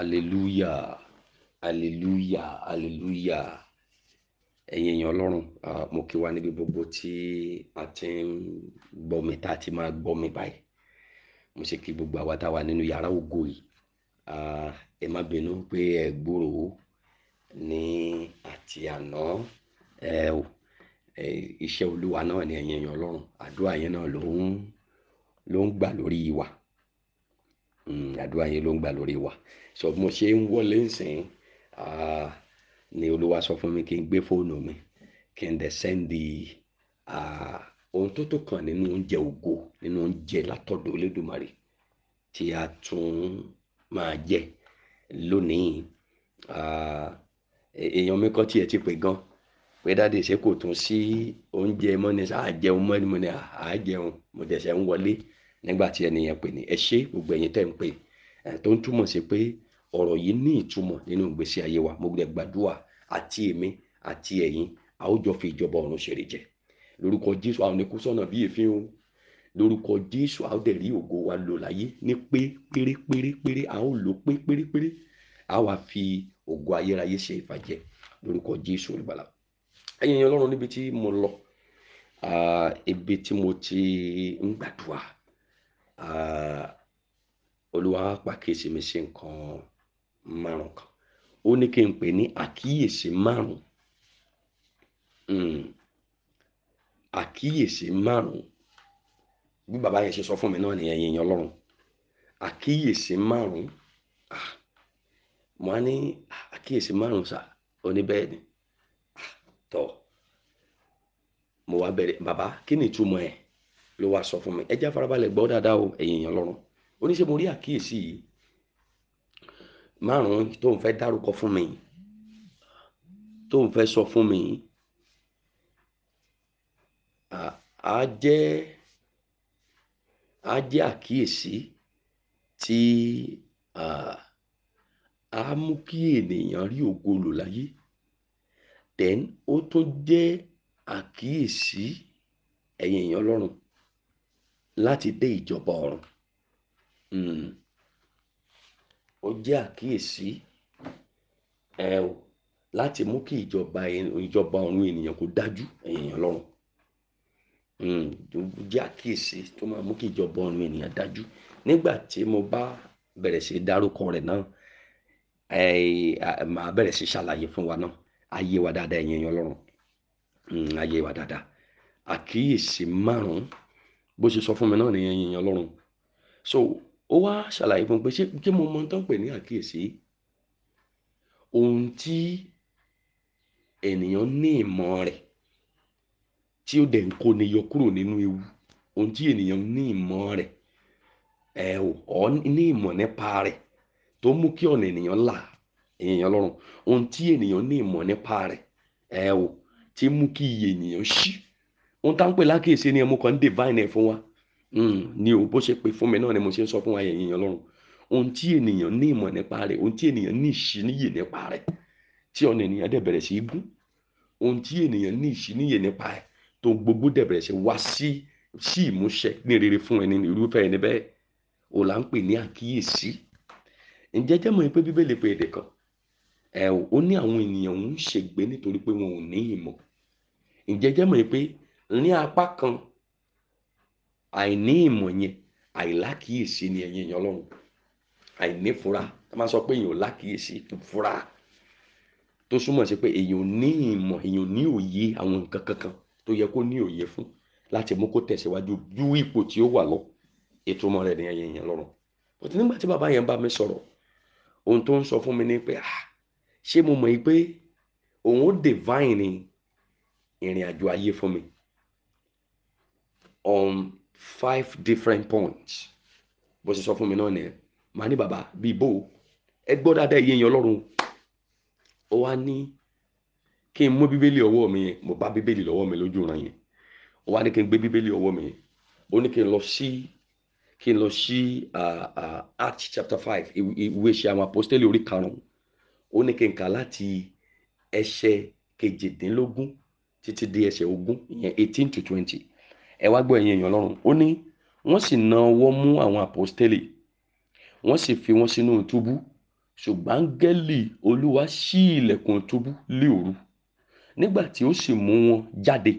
aleluya aleluya aleluya ẹ̀yin èèyàn ọlọ́run mo kí wa níbi gbogbo tí a ti ń gbọ́ mi tá a ti máa gbọ́ mi báyìí mo ṣe kí gbogbo àwa tá a wà nínú yàrá ògo yìí ẹ má bínú pé ẹ gbòòrò ní àti àná ẹ ò iṣẹ́ olúwa náà ni ẹ̀yin èèyàn ọlọ́run àdúrà yẹn náà ló ń ló ń gbà lórí wa Mm, àdúrà yẹn ló ń gbà lórí wa sọ mo ṣe ń wọlé nsìn ni olúwa sọ fún mi kí n gbé fóònù mi kí n dẹ̀ sẹ́ndì ohun tó tó kàn nínú oúnjẹ ògo nínú oúnjẹ látọ̀dọ̀ Olódùmarè tí a tún máa jẹ lónìí e-, èèyàn mi kọ́ tiẹ̀ ti pè gan pé dáadé ṣé kò tún sí oúnjẹ mọ́ni àá jẹun mọ́ni mo dẹ̀ ṣe ń wọlé nígbà tí ẹni yẹn pè ní ẹ ṣé gbogbo ẹ̀yin tẹ́ ń pè tó ń túmọ̀ sí pé ọ̀rọ̀ yìí ní ìtumọ̀ nínú ìgbésí ayé wa mo gbẹ gbàdúrà àti èmi àti ẹ̀yin a ó jọ fi ìjọba ọ̀run ṣeré jẹ lórúkọ Jésù àwọn oníkú sọ̀nà bí èéfín o lórúkọ Jésù a ó dẹ̀ rí ògo wa lò láyé ní pé pérépérépéré a ó lò pé pérépéré a wá fi ògo ayérayé ṣe ìfàjẹ lórúkọ Jésù olùgbàlà ẹ̀yin Ọlọ́run níbi tí mo lọ ibi tí mo ti ń gbàdúrà olúwa pàkíyèsí mi sí nǹkan márùn kan ó ní kí n pè ní àkíyèsí márùn hmm. àkíyèsí márùn bí bàbá yẹn ṣe sọ fún mi náà nìyẹn yẹn ọlọ́run àkíyèsí márùn mo á ní àkíyèsí márùn sà oníbẹ̀ẹ́ni tọ́ mo wá bẹ̀rẹ̀ bàbá kí ni ìtumọ̀ ẹ̀ ló wá sọ fún mi ẹ jẹ́ farabalẹ̀ gbọ́ dáadáa o ẹ̀yin èèyàn lọ́rùn ó ní ṣé mo rí àkíyèsí yìí márùn-ún tó ń fẹ́ dárúkọ fún mi tó ń fẹ́ sọ fún mi á jẹ́ á jẹ́ àkíyèsí tí á mú kí ènìyàn rí ògo lò láyé then ó tún jẹ́ àkíyèsí ẹ̀yin èèyàn lọ́rùn láti dé ìjọba ọ̀run hmm. ó jẹ́ àkíyèsí ẹ o láti mú kí ìjọba ìjọba ọ̀run ènìyàn kó dájú èèyàn lọ́rùn hmm. ó jẹ́ àkíyèsí tó máa mú kí ìjọba ọ̀run ènìyàn dájú nígbà tí mo bá bẹ̀rẹ̀ sí dárúkọ rẹ̀ náà màá bẹ̀rẹ̀ sí ṣàlàyé fún wa náà ayé wa dáadáa ẹ̀yin èèyàn lọ́rùn hmm. ayé wa dáadáa àkíyèsí márùn-ún bó ṣe sọ fún mi náà nìyẹn yìnyín ọlọ́run so ó wá ṣàlàyé fún mi pé ṣé kí mo mọ tán pè ní àkíyèsí ohun tí ènìyàn ní ìmọ̀ rẹ̀ tí ó dẹ̀ ń kó ni yọ kúrò nínú ewu ohun tí ènìyàn ní ìmọ̀ rẹ̀ ẹ ò ọ ní ìmọ̀ nípa rẹ̀ tó mú kí ọ̀nà ènìyàn là ènìyàn lọ́rùn ohun tí ènìyàn ní ìmọ̀ nípa rẹ̀ ẹ ò tí mú kí iye ènìyàn ṣí ohun tá ń pè lákèsí ni mo kàn ń divine ẹ̀ fún wa hmm, ni o bó ṣe pé fún mi náà ni mo ṣe ń sọ fún wa yẹn èèyàn lọ́rùn ohun tí ènìyàn ní ìmọ̀ nípa rẹ̀ ohun tí ènìyàn ní ìṣíníyè nípa rẹ̀ tí ọ̀nà ènìyàn dẹ̀ bẹ̀rẹ̀ sí í gún ohun tí ènìyàn ní ìṣíníyè nípa ẹ̀ tó gbogbo dẹ̀ bẹ̀rẹ̀ sí wá sí sí ìmúṣẹ ní rere fún ẹni irúfẹ́ ẹni bẹ́ẹ̀ ò là ń pè ní àkíyèsí ǹjẹ́ jẹ́ mọ̀ pé bíbélì pé èdè kan ẹ̀ ó ní àwọn ènìyàn ń ṣègbé nítorí pé wọn ò ní ìmọ̀ ǹjẹ́ jẹ́ mọ̀ pé ní apá kan àìní ìmọ̀ yẹn àìlákìyèsí ni ẹ̀yin èèyàn ọlọ́run àìní fura tá máa sọ pé èèyàn ò lákìyèsí fura tó súnmọ́ sí pé èèyàn ò ní ìmọ̀ èèyàn ò ní òye àwọn nǹkan kankan tó yẹ kó ní òye fún láti mú kó tẹ̀síwájú ju ipò tí ó wà lọ ètò ọmọ rẹ̀ ní ẹ̀yin èèyàn ọlọ́run bó ti nígbà tí bàbá yẹn bá mi sọ̀rọ̀ ohun tó ń sọ fún mi ni pé ah ṣé mo mọ̀ yìí pé òun ó divine ìrìn àjò ayé fún mi on five different points bó ṣe sọ fún mi náà nìyẹn màá ní bàbá bíi bò ẹ gbọ́ dáadáa iye yẹn ọlọ́run ó wá ní kí n mú bíbélì ọwọ́ mi yẹn mo bá bíbélì lọ́wọ́ mi lójú ran yẹn ó wá ní kí n gbé bíbélì ọwọ́ mi yẹn ó ní kí n lọ sí kí n lọ sí Acts chapter five ìwé ṣe àwọn apostoli orí karùn-ún ó ní kí n kà láti ẹsẹ̀ kejìdínlógún títí di ẹsẹ̀ ogún ìyẹn eighteen to twenty ẹ wá gbọ́ ẹ̀yin èèyàn lọ́rùn ó ní wọ́n sì na ọwọ́ mú àwọn àpọ́stélì wọ́n sì fi wọ́n sínú túbú ṣùgbọ́n áńgẹ́lì olúwa ṣí ilẹ̀kùn túbú lé òru nígbà tí ó sì mú wọn jáde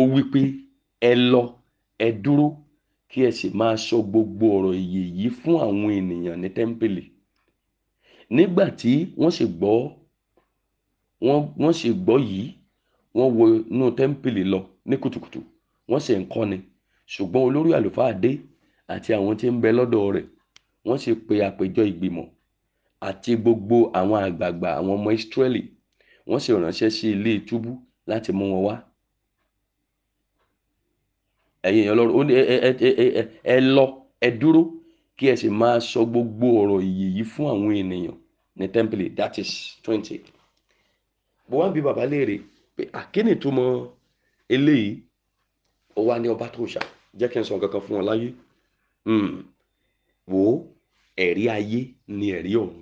ó wí pé ẹ lọ ẹ dúró kí ẹ sì máa sọ gbogbo ọ̀rọ̀ ìyè yìí fún àwọn ènìyàn ní tẹ́ḿpìlì nígbà tí wọ́n sì gbọ́ wọ́n sì gbọ́ yìí wọ́n wọ inú tẹ́ḿpìlì lọ ní kùtùkùtù wọ́n sì ń kọ́ni ṣùgbọ́n olórí àlùfáà dé àti àwọn tí ń bẹ lọ́dọ̀ rẹ̀ wọ́n sì pe àpéjọ ìgbìmọ̀ àti gbogbo àwọn àgbààgbà àwọn ọmọ ìsírẹ́lì wọ́n sì ránṣẹ́ sí ilé túbú láti mú wọn wá ẹ̀yin èèyàn lọ́rùn ó ní ẹ lọ ẹ dúró kí ẹ sì máa sọ gbogbo ọ̀rọ̀ ìyè yìí fún àwọn ènìyàn ní tẹ́ḿpìlì that is twenty bó wá bí bàbá léèrè pé àkínìtúmọ̀ eléyìí ó wá ní ọba tó ṣà jẹ́ kí n sọ kankan fún wọn láyé hmm. wò ó ẹ̀rí ayé ni ẹ̀rí ọ̀run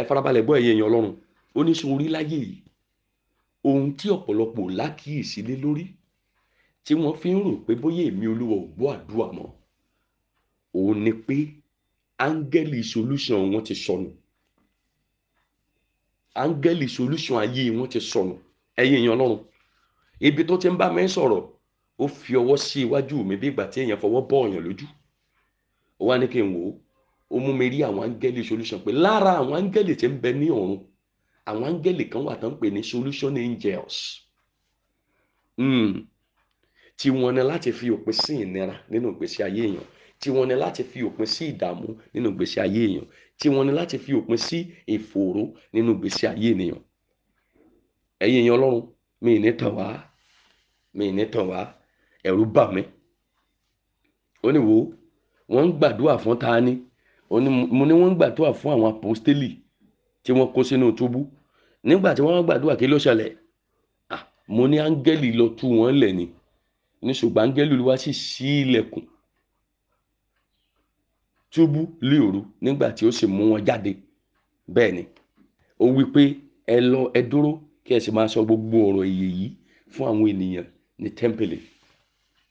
ẹ farabalẹ̀ gbọ́ ẹ̀yẹ èèyàn ọlọ́run ó ní sùn orí láyé yìí ohun tí ọ̀pọ̀lọpọ̀ lákìyèsí lé lórí tí wọ́n fi ń rò pé bóyá èmi olúwa ò gbọ́ àdúrà mọ́ òun ni pé áńgẹ́lì solution wọn ti sọnù áńgẹ́lì solution ayé wọn ti sọnù ẹ̀yin èèyàn ọlọ́run ibi tó ti ń bá mi sọ̀rọ̀ ó fi ọwọ́ sí iwájú mi bí ìgbà tí èèyàn fọwọ́ bọ́ ọ̀yàn lójú ó wá ní kí n wò ó ó mú mi rí àwọn áńgẹ́lì solution pé lára àwọn áńgẹ́lì tí ń bẹ ní ọ̀run àwọn áńgẹ́lì kan wà tó ń pè ní solution angels mm. tí wọ́n ní láti fi òpin sí ìnira nínú ìgbésí ayé èèyàn tí wọ́n ní láti fi òpin sí ìdààmú nínú ìgbésí ayé èèyàn tí wọ́n ní láti fi òpin sí ìfòòró nínú ìgbésí ayé ènìyàn ẹ̀yin ọlọ́run mi ì ní tàn wá mi ì ní tàn wá ẹ̀rù bà mí ó ní wo wọ́n ń gbàdúrà fún ta ni mo ní wọ́n ń gbàdúrà fún àwọn apostoli tí wọ́n kó sínú túbú nígbà tí wọ́n gbàdúrà kí ló ṣẹlẹ̀ mo ní áńgẹ́lì lọ tú wọn lẹ̀ ni ní ṣùgbọ́n áńgẹ́lì olúwa sì ṣí ilẹ̀kùn túbú lé òru nígbà tí ó sì mú wọn jáde bẹ́ẹ̀ ni ó wí pé ẹ lọ ẹ dúró kí ẹ sì máa sọ gbogbo ọ̀rọ̀ èyí yìí fún àwọn ènìyàn ní tẹ́ḿpìlì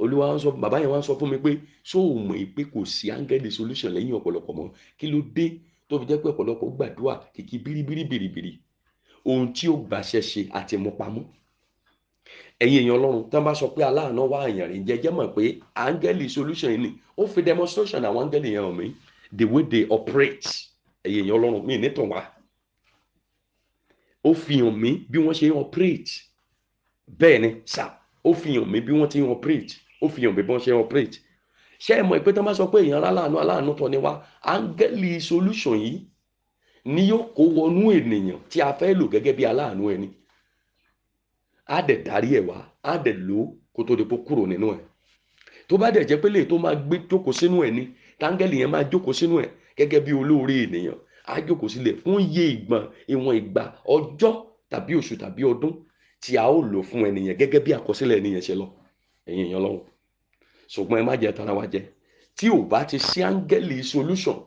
olúwa ń sọ bàbá yẹn wá ń sọ fún mi pé ṣó o mọ̀ pé kò sí angel solution lẹ́yìn ọ̀pọ̀lọpọ̀ mọ́ kí ló dé tó fi jẹ́ pé ọ̀pọ̀lọpọ̀ gbàdúrà kìkì bíríbírí bìrìbìrì ohun tí ó gbàṣẹ ṣe àti mú pamọ́ ẹ̀yin èèyàn ọlọ́run tí wọ́n bá sọ pé aláàánú wá àyàn rìn jẹ́jẹ́ mọ̀ pé angel solution ni ó fi demonstration àwọn angel yẹn hàn mí the way they operate ẹ̀yin èèyàn ọlọ́run mi nítàn wá ó fi hàn mí bí wọ́n ṣe operate bẹ́ẹ̀ ni sá ó fi hàn mí bí wọ́n ti operate ó fi hàn bí wọ́n ṣe operate ṣé ẹ mọ̀ pé tó bá sọ pé èèyàn aláàánú aláàánú tọ́ ni wá áńgẹ́lì solution yìí ni yóò kó wọnú ènìyàn tí a fẹ́ lò gẹ́gẹ́ bí aláàánú ẹni á dẹ̀ darí ẹ̀ wá á dẹ̀ lò ó kó tó di pé kúrò nínú ẹ̀ tó bá dẹ̀ jẹ́ pé lè tó máa gbé jókòó sínú ẹ̀ ni táńgẹ́lì yẹn máa jókòó sínú ẹ̀ gẹ́gẹ́ bí olóore ènìyàn á jókòó sílẹ̀ fún iye ìgbọ̀n ìwọ̀n ìgbà ọjọ́ tàbí oṣù tàbí ọdún tí a ó lò fún ẹnìyàn gẹ́gẹ́ bí àkọsílẹ̀ ẹnìyàn ṣe lọ ẹ̀yin èèyàn ṣùgbọ́n ẹ má jẹ́ tara wa jẹ tí ò bá ti sí áńgẹ́lì solution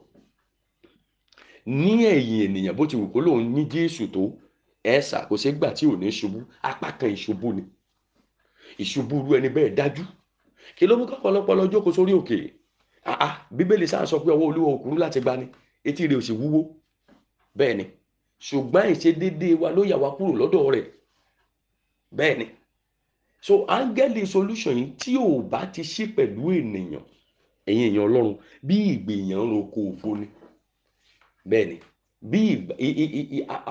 ní ẹ̀yìn ènìyàn bó ti wù kó lóun ní jésù tó ẹ̀ẹ́sà kò sí gbà tí ò ní ṣubú apá kan ìṣubú ni ìṣubú irú ẹni bẹ́ẹ̀ dájú kí ló mú kọ́kọ́lọ́pọ́ lọ jókòó sórí òkè àá bíbélì sáà sọ pé ọwọ́ olúwa òkúrú láti gba ni etí rẹ̀ ò sì wúwo bẹ́ẹ̀ ni ṣùgbọ́n ìṣedéédéé wa ló yà wá kúrò lọ́dọ̀ rẹ̀ bẹ́ẹ̀ ni so áńgẹ́lì solution yìí tí ò bá ti ṣe pẹ̀lú ènìyàn ẹ̀yin èèyàn ọlọ́run bí ìgbìyàn ń roko òfo ni bẹ́ẹ̀ ni bí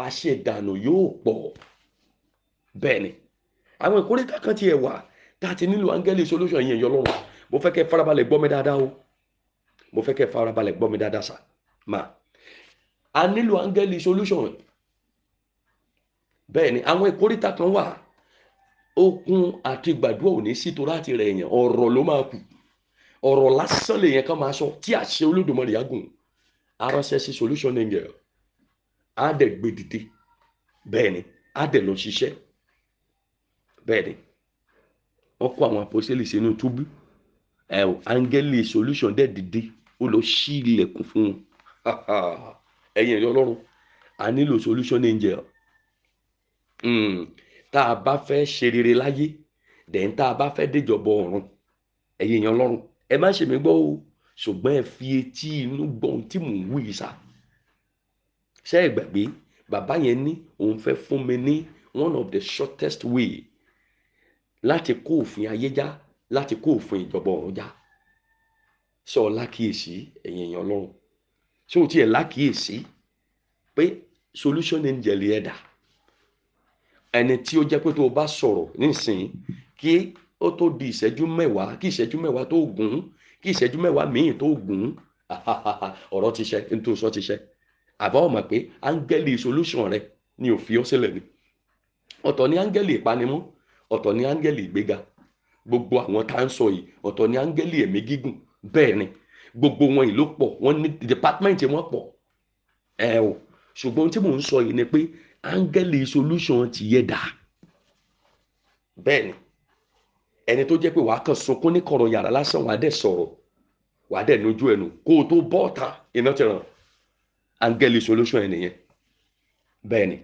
àṣedànù yóò pọ̀ bẹ́ẹ̀ ni àwọn ìkórè kankan ti ẹ̀ wà tá a ti nílò áńgẹ́lì solution ẹ̀yin èèyàn ọlọ́run mo fẹ́ kẹ́ farabalẹ̀ gbọ́ mi dáadáa o mo fẹ́ kẹ́ farabalẹ̀ gbọ́ mi dáadáa sà máa a nílò áńgẹ́lì solution bẹ́ẹ̀ ni àwọn ìkórè kan wà okun àti gbàdúrà ò ní sí tó láti rẹ̀ yẹn ọ̀rọ̀ ló máa kù ọ̀rọ̀ lásán lè yẹn ká máa sọ tí àṣẹ Olódùmarè àgùn aránṣẹ́ sí solution angel á dẹ̀ gbé dìde bẹ́ẹ̀ ni á dẹ̀ lọ ṣiṣẹ́ bẹ́ẹ̀ ni wọ́n kó àwọn àpòsílẹ̀ sínú túbú ẹ o áńgẹ́lì solution dẹ̀ dìde ó lọ ṣí ilẹ̀kùn fún un ẹ̀yìn ẹ̀yọ́ ọlọ́run a nílò solution angel. Mm tá a bá fẹ́ ṣe rere láyé dẹ̀yìn tá a bá fẹ́ déjọba ọ̀run ẹ̀yin èèyàn ọlọ́run ẹ má ṣe mí gbọ́ o ṣùgbọ́n ẹ fi etí inú gbọ́ tí mò ń wí sá ṣé ẹ gbàgbé bàbá yẹn ní òun fẹ́ fún mi ní one of the shortest way láti kó òfin ayé já láti kó òfin ìjọba ọ̀run já sọ ọ lákìyèsí ẹ̀yin èèyàn ọlọ́run ṣé o tiẹ̀ lákìyèsí pé solution angel yẹn dà ẹni tí ó jẹ́ pé tó o bá sọ̀rọ̀ nísìnyí kí ó tó di ìṣẹ́jú mẹ́wàá kí ìṣẹ́jú mẹ́wàá tó gùn kí ìṣẹ́jú mẹ́wàá míì tó gùn ọ̀rọ̀ ti ṣe ní tó sọ ti ṣe àbá ọ̀mà pé áńgẹ́lì solution rẹ ni ò fi ọ́ sílẹ̀ ni ọ̀tọ̀ ni áńgẹ́lì ìpanimú ọ̀tọ̀ ni áńgẹ́lì ìgbéga gbogbo àwọn tá à ń sọ yìí ọ̀tọ̀ ni áńgẹ́lì ẹ̀mí gígùn bẹ́ẹ̀ ni gbogbo wọn ìlú pọ̀ wọn ní department wọn pọ̀ ẹ o ṣùgbọ́n tí mò ń sọ yìí ni pé Angeli solution ti yẹ dà bẹ́ẹ̀ ni ẹni tó jẹ́ pé wàá kàn sunkún ní kọ̀rọ̀ yàrá lásán wàá dẹ̀ sọ̀rọ̀ wàá dẹ̀ lójú ẹnu kó o tó bọ́ ọ̀tà iná ti ràn áńgẹ́lì solution ẹ nìyẹn bẹ́ẹ̀ ni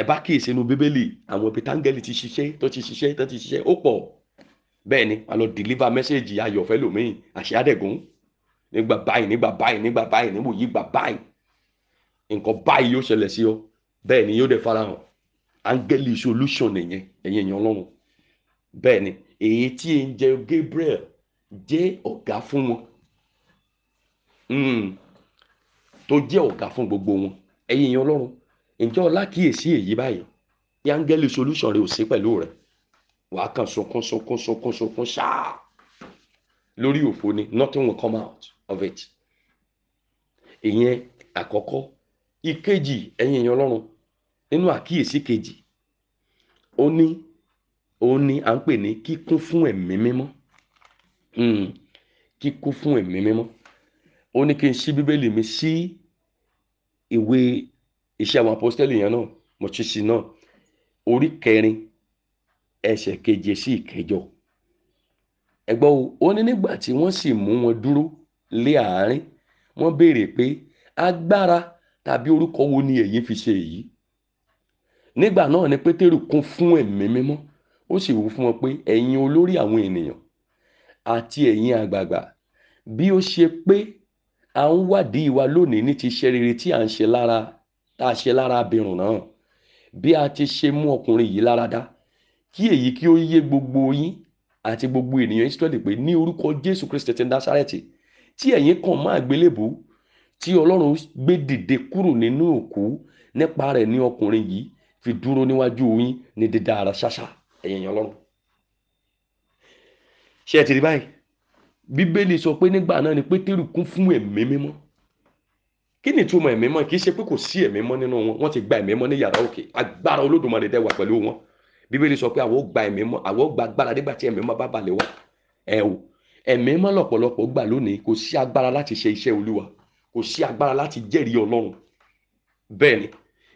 ẹ bá kíyèsí inú bíbélì àwọn ibi táńgẹ́lì ti ṣiṣẹ́ tó ti ṣiṣẹ́ tó ti ṣiṣẹ́ ó pọ̀ bẹ́ẹ̀ ni lọ deliver message ayọ̀ fẹ́ lòmíì àṣẹ àdẹ̀gùn nígbà báyìí nígbà báyìí nígbà báyìí níwòyí gbà báyìí nǹkan báyìí yóò ṣẹlẹ̀ sí ọ bẹ́ẹ̀ ni yóò dẹ̀ farahàn áńgẹ́lì solution nìyẹn ẹ̀yin èèyàn ọlọ́run bẹ́ẹ̀ ni èyí tí ń jẹ Gabriel jẹ́ ọ̀gá fún wọn hmm, tó jẹ́ ọ̀gá fún gbogbo wọn ẹ̀yin èèyàn ọlọ́run ǹjẹ́ ọlá kíyèsí èyí báyìí ní áńgẹ́lì solution rẹ ò sí pẹ̀lú rẹ wàá kàn sunkún sunkún sunkún sunkún ṣáá lórí òfo ni nothing will come out of it ìyẹn àkọ́kọ́ ìkejì ẹ̀yin èèyàn ọlọ́run nínú àkíyèsí kejì ó ní ó ní à ń pè ní kíkún fún ẹ̀mí mímọ́ hmm, kíkún fún ẹ̀mí mímọ́ ó ní kí n ṣí bíbélì mi sí ìwé iṣẹ́ àwọn apọ́sítẹ́lì yẹn náà mo ti sí náà orí kẹrin ẹsẹ̀ keje sí ìkẹjọ ẹgbọ́n o ó ní nígbà tí wọ́n sì mú wọn dúró lé àárín wọ́n béèrè pé agbára tàbí orúkọ wo ni èyí fi ṣe èyí nígbà náà ni pétérù kún fún ẹ̀mí mímọ́ ó sì wí fún wọn pé ẹ̀yin olórí àwọn ènìyàn àti ẹ̀yin àgbààgbà bí ó ṣe pé à ń wádìí wa lónìí ní ti iṣẹ́ rere tí à ń ṣe lára tá a ṣe lára abirùn náà bí a ti ṣe mú ọkùnrin yìí láradá kí èyí kí ó yé gbogbo yín àti gbogbo ènìyàn Ísírẹ́lì pé ní orúkọ Jésù Kristi ti Násárẹ́tì tí ẹ̀yin kàn máa gbélébùú tí Ọlọ́run gbé dìde kúrò nínú òkú nípa rẹ̀ ní ọkùnrin yìí fi dúró níwájú yín ní dídá ara ṣáṣá ẹ̀yin èèyàn ọlọ́run ṣé ẹ ti rí báyìí bíbélì sọ pé nígbà náà ni pétérù kún fún ẹ̀mí mímọ́ kí ni ìtumọ̀ ẹ̀mí mọ́ kì í ṣe pé kò sí ẹ̀mí mọ́ nínú wọn wọ́n ti gba ẹ̀mí mọ́ ní yàrá òkè agbára olódùmarè tẹ́ wà pẹ̀lú wọn bíbélì sọ pé àwọn gba ẹ̀mí mọ́ àwọn gba agbára nígbà tí ẹ̀mí mọ́ bá balẹ̀ wá ẹ o ẹ̀mí mọ́ lọ́pọ̀lọpọ̀ gbà lónìí kò sí agbára láti ṣe iṣẹ́ olúwa kò sí agbára láti jẹ́rìí ọlọ́run bẹ́ẹ̀ ni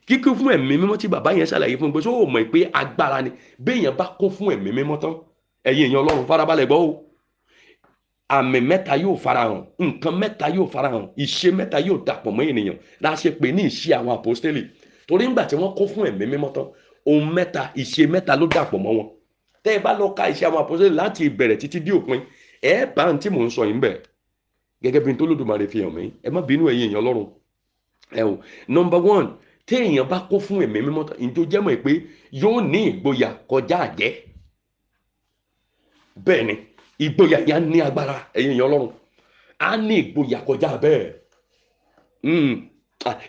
kíkún fún ẹ̀mí mímọ́ tí bàbá yẹn ṣàlàyé fún gbé sóò mọ̀ pé agbára ni béèyàn bá kún fún ẹ̀mí mímọ́ tán ẹ̀yin èèyàn ọlọ́run farabalẹ̀ gbọ́ o àmì mẹ́ta yóò farahàn nǹkan mẹ́ta yóò farahàn ìṣe mẹ́ta yóò dàpọ̀ mọ́ ènìyàn la ṣe pè ní ìṣe àwọn àpọ́stélì torí ńgbà tí wọ́n kún fún ẹ̀mí mímọ́ tán ohun mẹ́ta ìṣe mẹ́ta ló dàpọ̀ mọ́ wọn tẹ́ ẹ bá lọ ka ìṣe àwọn àpọ́stélì láti ìbẹ̀rẹ̀ títí dé òpin ẹ bá ń tí mò ń sọ yìí ń bẹ̀ gẹ́gẹ́ bí n tó lódùmarè fi hàn mí ẹ má bínú ẹ̀yin èèyàn ọlọ́run ẹ o number one téèyàn bá kó fún ẹ̀mí mímọ́ tán ìjọ jẹ́mọ̀ pé yóò ní ìgboyà kọjá àjẹ́ bẹ́ẹ̀ ni ìgboyà yẹn á ní agbára ẹ̀yin èèyàn ọlọ́run á ní ìgboyà kọjá bẹ́ẹ̀ hmm,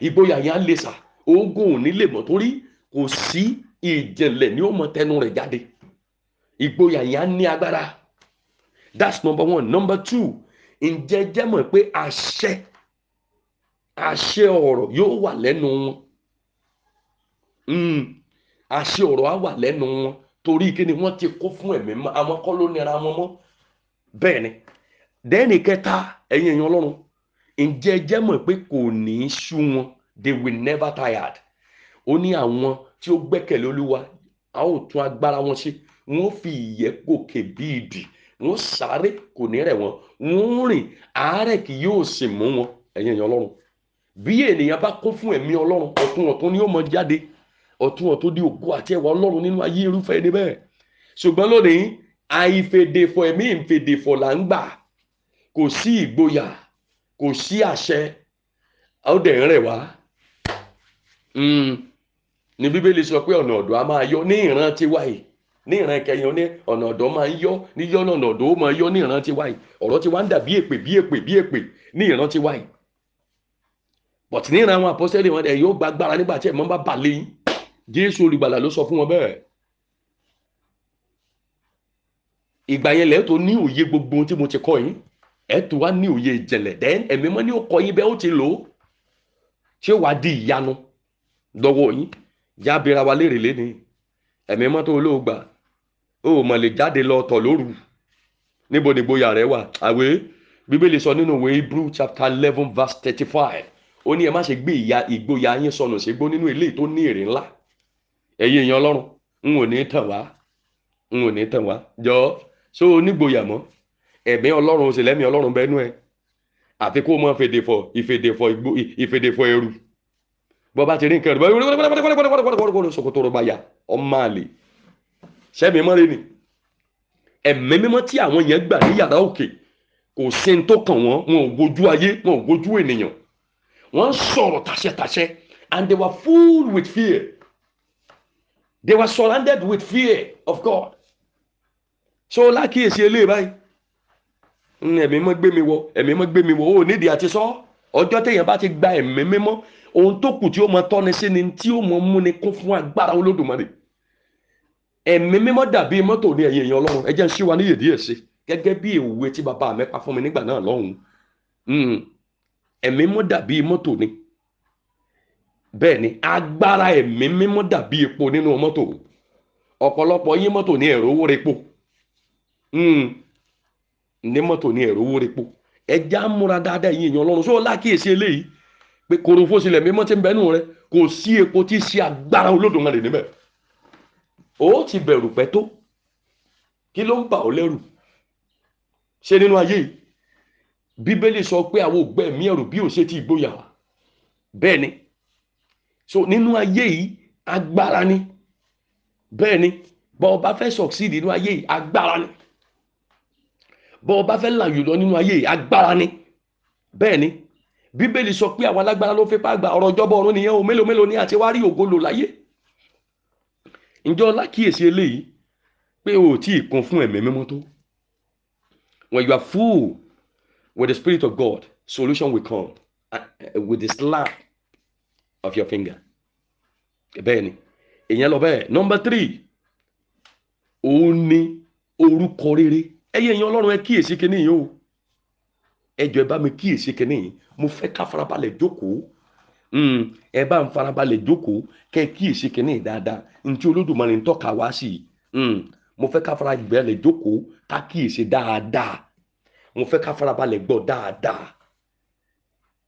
ìgboyà yẹn á lè sà oògùn ò ní lè mọ̀ torí kò sí ìjìnlẹ̀ ni ó mọ tẹnu rẹ̀ jáde ìgboyà yẹn á ní agbára that's number one number two ǹjẹ́ jẹ́mọ̀ pé àṣẹ àṣẹ ọ̀rọ̀ yóò wà lẹ́nu wọn Hmm. àṣẹ ọ̀rọ̀ á wà lẹ́nu wọn torí kí ni wọ́n ti kó fún ẹ̀mí mọ́ àwọn kọ́ ló nira wọn mọ́ bẹ́ẹ̀ ni dẹ́ni kẹta ẹ̀yin ẹ̀yin ọlọ́run ǹjẹ́ jẹ́ mọ̀ pé kò ní í sú wọn they will never tired ó ní àwọn tí ó gbẹ́kẹ̀lé olúwa a ó tún agbára wọn ṣe wọn ó fi ìyẹ́ gòkè bí idì wọn ó sáré kò ní rẹ̀ wọ́n wọn ó rìn àárẹ̀ kì yóò sì mú wọn ẹ̀yin ẹ̀yin ọlọ́run bí ènìyàn bá kún fún ẹ̀mí ọlọ́run ọ̀tun ọ̀tun ni ó mọ jáde ọ̀tún ọ̀tún di ògo àti ẹwà ọlọ́run nínú ayé irúfẹ́ ẹni bẹ́ẹ̀ ṣùgbọ́n lónìí àìfèdèfọ̀ ẹ̀mí ìfèdèfọ̀ là ń gbà kò sí ìgboyà kò sí àṣẹ ó dẹ̀ ń rẹ̀ wá hmm, ní bíbélì sọ pé ọ̀nà ọ̀dọ́ a máa yọ ní ìran tiwa yìí ní ìran kẹyìn ní ọ̀nà ọ̀dọ́ máa ń yọ ní yọ́nà ọ̀nà ọ̀dọ́ máa yọ ní ìran tiwa yìí ọ̀rọ̀ tiwa ń dà bí èpè bí èpè bí èpè ní ìran tiwa yìí bọ̀tí ní ìran àwọn àpọ́sẹ́lì wọn ẹ̀ yóò gba agbára nígbà tí ẹ̀ mọ́ bá bà lẹ́yìn jésù olùgbàlà ló sọ fún wọn bẹ́ẹ̀ ìgbà yẹn lẹ́ẹ̀ tó ní òye gbogbo tí mo ti kọ́ yín ẹ̀ tó wá ní òye ìjìnlẹ̀ then ẹ̀mí mọ́ ní ó kọ́ yín bẹ́ẹ̀ ó ti lò ó ṣé wàá di ìyanu lọ́wọ́ yín yábìra wa léèrè lé ni ẹ̀mí mọ́ tó olóògbà ó mọ̀ lè jáde lọ tọ̀ lóru níbo ni gboyà rẹ wà àwé bíbélì sọ nínú ìwé hebrew chapter eleven verse thirty five ó ní ẹ má ṣe gbé ìgboyà yín sọnù ṣègbó nínú ilé tó ní èrè ńlá ẹ̀yin èèyàn ọlọ́run n ò ní tàn wá n ò ní tàn wá jọ ṣó onígboyà mọ́ ẹ̀mí ọlọ́run ó sì lẹ́mí ọlọ́run bẹ́nu ẹ̀ àti kó o mọ fèdèfọ̀ ìfèdèfọ̀ ìfèdèfọ̀ ẹrù bọ́ bá ti rí nǹkan rẹ̀ sọ̀kòtò rọ̀ bàyà ọmọ àlè sẹ́mi mọ́re ni ẹ̀mí mímọ́ tí àwọn yẹn gbà ní yàrá òkè kò sí ní tó kàn wọ́n wọn ò gojú ayé wọn ò gojú ènìyàn wọ́n sọ̀rọ̀ tàṣẹ́tàṣẹ́ and they were full with fear they were surrounded with fear of God so lákìyèsí eléyìí báyìí ẹ̀mí mọ́ gbé mi wọ ẹ̀mí mọ́ gbé mi wọ ó nídìí àti sọ ọjọ́ téèyàn bá ti gba ẹ̀mí mímọ́ ohun tó kù tí ó mọ tọ́ni sí ni tí ó mọ mú ni kún fún agbára olódùmarè ẹ̀mí mímọ́ dàbí mọ́tò ní ẹ̀yìn èèyàn ọlọ́run ẹ jẹ́ ń ṣí wa níyè díẹ̀ sí gẹ́gẹ́ bí òwe tí bàbá mi pa fún mi nígbà náà lọ́hùn-ún ẹ̀mí mímọ́ dàbí mọ́tò ni bẹ́ẹ̀ ni agbára ẹ̀mí mímọ́ dàbí epo nínú mọ́tò ọ̀pọ̀lọpọ̀ yín mọ́tò ní ẹ̀rọ owó repo hmm, ní mọ́tò ní ẹ̀rọ owó repo ẹja múra dáadáa yìí èèyàn ọlọ́run sóò lákìyèsí eléyìí pé korofo sílẹ̀ mímọ́ ti ń bẹ́nu rẹ kò sí epo tí í ṣe agbára Olódùmarè níbẹ̀ ó ti bẹ̀rù pẹ́ tó kí ló ń bà ọ́ lẹ́rù ṣe nínú ayé bíbélì sọ pé àwọn ògbẹ́ mi ẹ̀rù bí ò ṣe ti ìgboyà bẹ́ẹ̀ ni so nínú ayé yìí agbára ni bẹ́ẹ̀ ni bọ́ ọba fẹ́ succeed nínú ayé yìí agbára ni bọ́ ọba fẹ́ làyò lọ nínú ayé yìí agbára ni bẹ́ẹ̀ ni bíbélì sọ pé àwọn alágbára ló fipá gba ọ̀rọ̀ ìjọba ọ̀run nìyẹn o mélòó mélòó ni àti wá rí ògo lò láyé ǹjọ́ lákìyèsí eléyìí pé o tí ì kún fún ẹ̀mí mímọ́ tó when you are full with the spirit of God solution will come uh, with the slap of your finger. bẹ́ẹ̀ ni ìyẹn lọ bẹ́ẹ̀ number three òun ni orúkọ rere ẹyẹ ìyẹn ọlọ́run ẹ kíyèsí yìí o ẹjọ ẹ bá mi kíyèsí yìí mo fẹ́ ká farabalẹ̀ jókòó hmm, ẹ bá ń farabalẹ̀ jókòó kẹ́ kíyèsí kínní yìí dáadáa ntí olódùmarè ń tọ́ka wá sí i hmm, mo fẹ́ ká farabalẹ̀ jókòó ká kíyèsí dáadáa mo fẹ́ ká farabalẹ̀ gbọ́ dáadáa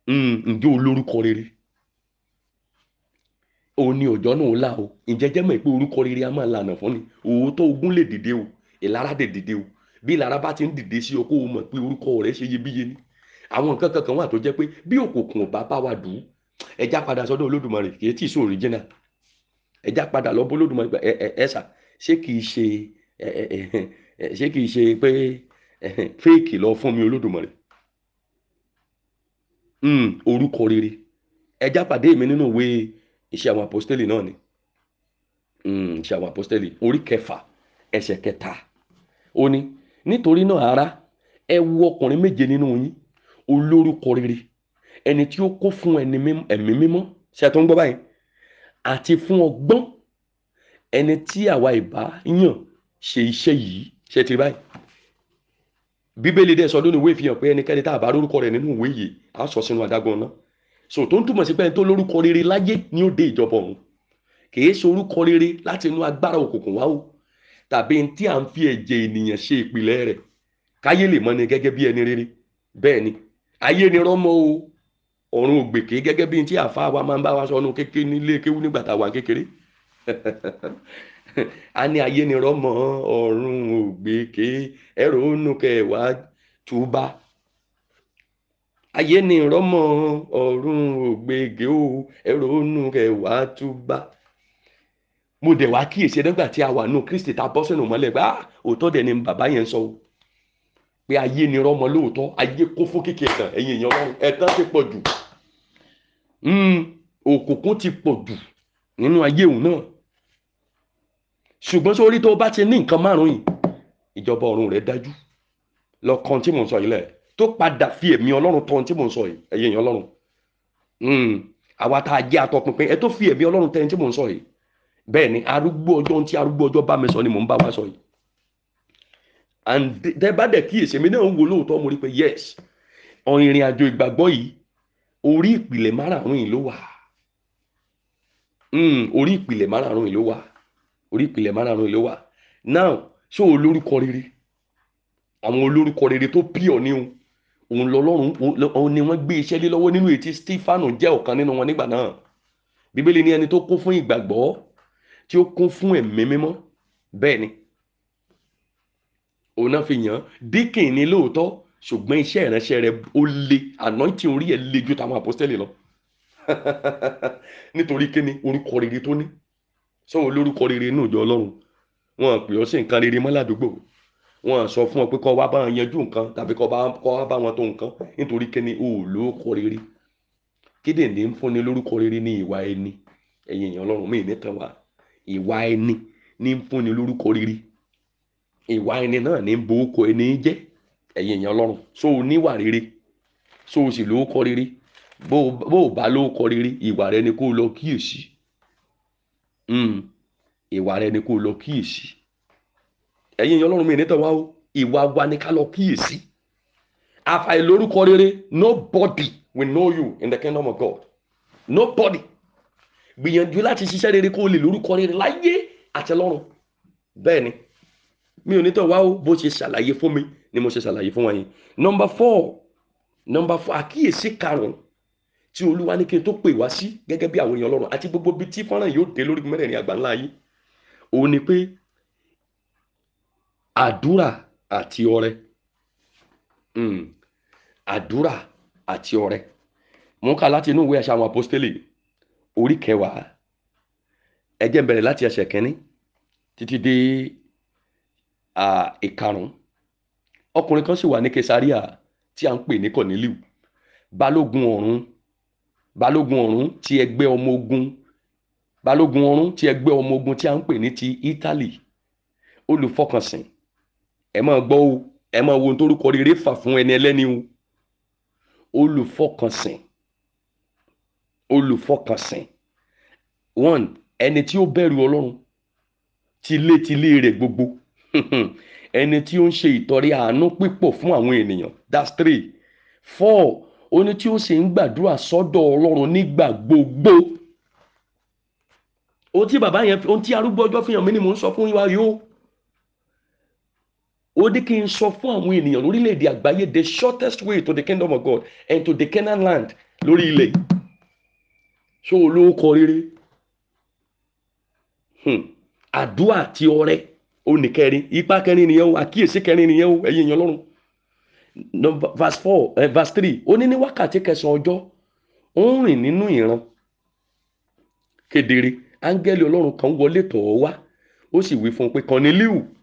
hmm, ǹjẹ́ olórúkọ rere. oni ni na náà là o ìjẹ́jẹ́ mọ̀ pé orúkọ rere a máa lànà fún ni òótọ́ ogun lè dìde o ìlara de dìde o bí ìlara bá ti ń dìde sí ọkọ o mọ̀ pé orúkọ rẹ̀ ṣe ni àwọn nǹkan kankan wà tó jẹ́ pé bí òkùnkùn bá bá wa dùn ẹja padà sọ́dọ̀ olódùmarè kì í tí ì òrìjìnà ẹja padà lọ bó olódùmarè ẹ ẹ ẹsà ṣé kì í iṣẹ́ àwọn apostoli náà ni mm, iṣẹ́ àwọn apostoli orí kẹfà ẹsẹ̀ kẹta ó ní nítorí náà ará ẹ wo ọkùnrin méje nínú yín olórúkọ rere ẹni tí ó kó fún ẹ̀mí mímọ́ ṣe tó ń gbọ́ báyìí àti fún ọgbọ́n ẹni tí àwa ìbá yàn ṣe iṣẹ́ yìí ṣe ti báyìí bíbélì dẹ̀ sọ lónìí ìwé ìfihàn pé ẹnikẹ́ni tá a bá lórúkọ rẹ̀ nínú ìwé yìí á sọ sínú adágún náà so tó ń túmọ̀ sí pé ẹni tó lórúkọ rere láyé ni ó dé ìjọba ọ̀run kìí ṣe orúkọ rere láti inú agbára òkùnkùn wá o tàbí tí à ń fi ẹ̀jẹ̀ ènìyàn ṣe ìpìlẹ̀ rẹ̀ káyé lè mọ́ni gẹ́gẹ́ bí ẹni rere bẹ́ẹ̀ ni ayé ni o ọ̀run gẹ́gẹ́ bí tí àfa wa máa ń bá wa kékeré nílé kéwú nígbà tá a wà kékeré a ní ayé ni ọ̀run ayé ni rọ́mọ ọ̀run ògbègé o ẹ̀rọ onú rẹ̀ wá túbá mo dẹ̀ wá kíyèsí ẹ̀dọ́gba tí a wà nù Kristi ta bọ́ sínú mọ́lẹ̀ gbá ah, òótọ́ dẹ̀ ni bàbá yẹn sọ o pé ayé ni rọ́mọ lóòótọ́ ayé kó fún kékeré kan ẹ̀yìn èèyàn ọlọ́run ẹ̀tàn ti pọ̀ jù hmm, òkùnkùn ti pọ̀ jù nínú ayé òun náà ṣùgbọ́n sórí tó bá ti ní nǹkan márùn-ún ìjọba ọ̀run rẹ̀ dájú lọ́kàn tí mò sọ yìí lẹ́ẹ̀ tó padà fi ẹ̀mí ọlọ́run tọ́ ohun tí mò ń sọ yìí ẹ̀yẹ èèyàn ọlọ́run hmm. àwa tá a jẹ́ atọ́pinpin ẹ tó fi ẹ̀mí ọlọ́run tẹ́ ohun tí mò ń sọ yìí bẹ́ẹ̀ ni arúgbó ọjọ́ ohun tí arúgbó ọjọ́ bá mi sọ ni mò ń bá wa sọ yìí and tẹ bá dẹ̀ kíyèsí èmi náà ń wo lóòótọ́ mo rí pé yes ìrìn àjò ìgbàgbọ́ yìí orí ìpìlẹ̀ márààrún yìí ló wà hmm, orí ìpìlẹ̀ márààrún yìí ló wà orí ìpìlẹ̀ márààrún yìí ló wà now ṣé o lórúkọ rere àwọn olórúkọ rere tó pure ni o òun lọ́lọ́run òun ni wọ́n gbé iṣẹ́ lé lọ́wọ́ nínú ètí Stefanu jẹ́ ọ̀kan nínú wọn nígbà náà bíbélì ní ẹni tó kún fún ìgbàgbọ́ tí ó kún fún ẹ̀mí mímọ́ bẹ́ẹ̀ ni òun náà fi yàn díkìn ní lóòótọ́ ṣùgbọ́n iṣẹ́ ìránṣẹ́ rẹ ó le anointing orí ẹ̀ le ju tàwọn àpọ́sítẹ́lì lọ nítorí kíni orúkọ rere tó ní sọ olórúkọ rere inú ìjọ ọlọ́run wọn pè ọ́ sí nǹkan rere mọ́ wọn sọ fún ọ pé kọ́ wá bá wọn yanjú nǹkan tàbí kọ́ wá bá wọn tó nǹkan nítorí kíni o ò lórúkọ rere kídìní ń fúnni lórúkọ rere ní ìwà ẹni ẹ̀yin èèyàn ọlọ́run mi nìkan wà ìwà ẹni ní ń fúnni lórúkọ rere ìwà ẹni náà ní ń bo okò ẹni jẹ́ ẹ̀yin èèyàn ọlọ́run so o níwà rere so o sì lórúkọ rere bó o bá lórúkọ rere ìwà rẹ ni kó o lọ kíyèsí hmm. ìwà rẹ ni kó lọ kíyèsí ẹ̀yin ìyẹn ọlọ́run mi ní tẹ̀wá o ìwà wa ni ká lọ kíyèsí àfàìlórúkọ rere nobody will know you in the kingdom of God nobody gbìyànjú láti ṣiṣẹ́ rere kó o lè lórúkọ rere láyé àti lọ́run bẹ́ẹ̀ ni mi ò ní tẹ̀wá o bó ṣe ṣàlàyé fún mi ni mo ṣe ṣàlàyé fún wa yìí number four number four àkíyèsí karùn-ún tí olúwa ní kí n tó pè wá sí gẹ́gẹ́ bí àwọn èèyàn ọlọ́run àti gbogbo bíi tí fọ́nrán yóò dé lórí mẹ́rẹ̀ẹ̀rin àgbà ńlá yìí òun ni pé àdúrà àti ọrẹ um àdúrà àti ọrẹ mo ń kà láti inú ìwé àṣà àwọn apostoli orí kẹwàá ẹ jẹ́ n bẹ̀rẹ̀ láti ẹsẹ̀ kínní títí dé ìkarùn-ún ọkùnrin kan sì wà ní kesaria tí a ń pè ní kọ̀nílíù balógun ọ̀rún balógun ọ̀rún ti ẹgbẹ́ ọmọ ogun balógun ọ̀rún ti ẹgbẹ́ ọmọ ogun tí a ń pè ní ti italy olùfọkànsìn ẹ máa gbọ́ o ẹ máa wo torúkọ rere fà fún ẹni ẹlẹ́ni o olùfọkànsìn olùfọkànsìn one ẹni tí ó bẹ̀rù ọlọ́run tilétilé rẹ̀ gbogbo ẹni tí ó ń ṣe ìtọrẹ àánú pípọ̀ fún àwọn ènìyàn that's three four oní tí ó sì ń gbàdúrà sọ́dọ̀ ọlọ́run nígbà gbogbo ohun tí bàbá yẹn ohun tí arúgbó ọjọ́ fi hàn mí ni mò ń sọ fún yín wá ó ní kí n sọ fún àwọn ènìyàn lórílẹ̀‐èdè àgbáyé the shortest way to the kingdom of God and to the Canaan land lórí ilẹ̀ ṣó o ló kọ rere hmm. àdúrà àti ọrẹ oníkẹrin ipa kẹrin nìyẹn o àkíyèsí kẹrin nìyẹn o ẹ̀yin èèyàn Ọlọ́run verse four eh, verse three ó ní ní wákàtí kẹsàn-án ọjọ́ ó ń rìn nínú ìran kedere áńgẹ́lì Ọlọ́run kan wọlé tọ̀ ọ́ wá ó sì wí fún un pé Kọ̀nílíù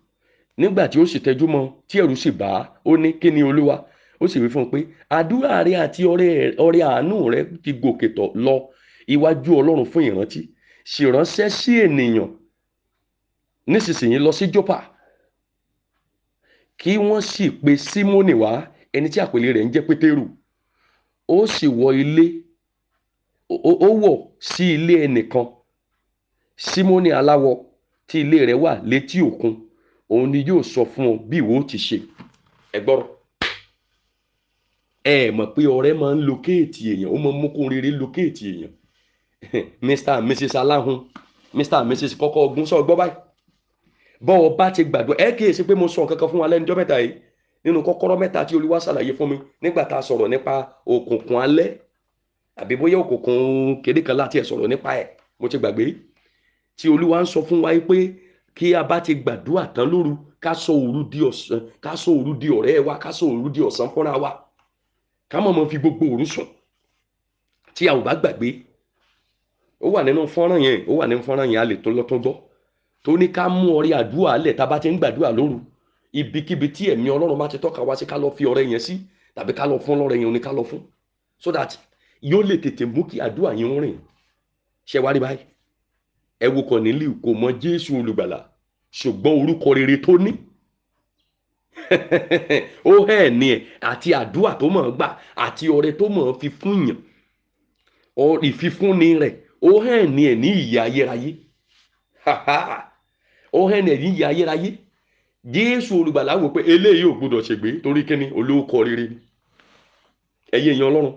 nígbà tí ó sì tẹjú mọ́ tí ẹ̀rù sì bà á ó ní kí ni olúwa ó sì wí fún un pé àdúrà rẹ àti ọrẹ àánú rẹ ti gòkè tọ̀ lọ iwájú ọlọ́run fún ìrántí ṣèránṣẹ́ sí ènìyàn nísinsìnyí lọ sí jọ́pà kí wọ́n sì pe símónì wá ẹni tí àpèlé rẹ̀ ń jẹ́ pétérù ó sì wọ ilé ó wọ̀ sí ilé ẹnìkan símónì aláwọ̀ tí ilé rẹ̀ wà létí òkun òun ni yóò sọ fún ọ bí ìwọ ti ṣe ẹ gbọ́rọ̀ ẹ mọ̀ pé ọ̀rẹ́ máa ń locate èèyàn ó máa ń mú kó rere locate èèyàn mr and mrs aláhùn mr and mrs kọ́kọ́ ogun sọ gbọ́ báyìí bọ́ọ̀ bá ti gbàgbọ́ ẹ kì í ṣe pé mo sọ nǹkan kan fún wa lẹ́nu ọjọ́ mẹ́ta yìí nínú kọ́kọ́rọ́ mẹ́ta tí olúwa ṣàlàyé fún mi nígbà tá a sọ̀rọ̀ nípa òkùnkùn alẹ́ àbí bóyá òkùnkùn kéde kan láti ẹ̀ sọ̀rọ̀ nípa ẹ̀ mo ti gbàgbé tí olúwa ń sọ fún wa yìí pé kí a bá ti gbàdúrà tán lóru ká sọ òru di ọ̀sán ká sọ òru di ọ̀rẹ́ wa ká sọ òru di ọ̀sán fúnra wa ká mọ̀ mọ́ fi gbogbo òru sùn tí a ò bá gbàgbé ó wà nínú fọ́nrán yẹn ó wà nínú fọ́nrán yẹn a lè tó lọ́tún gbọ́ tó ní ká mú ọrẹ àdúrà lẹ̀ tá a bá ti ń gbàdúrà lóru ibikíbi tí ẹ̀mí ọlọ́run bá ti tọ́ka wá sí ká lọ fi ọrẹ yẹn sí tàbí ká lọ fún ọlọ́rẹ yẹn oní ká lọ fún so that yóò lè tètè mú kí àdúrà yẹn rìn ṣe wá rí báyìí ẹ wo Kọ̀nílíù kò mọ Jésù olùgbàlà ṣùgbọ́n orúkọ rere tó ní ó hẹ́ẹ̀ ni ẹ̀ àti àdúrà tó mọ̀ ọ́n gbà àti ọrẹ tó mọ̀ ọ́n fi fún yàn ìfifúnni rẹ̀ ó hẹ́ẹ̀ ni ẹ̀ ní ìyè ayérayé ó hẹ́ẹ̀ ni ẹ̀ ní ìyè ayérayé jésù olùgbàlà wò pé eléyìí ò gbọdọ̀ ṣègbé torí kíni olóòkọ rere ni ẹ̀yin èèyàn ọlọ́run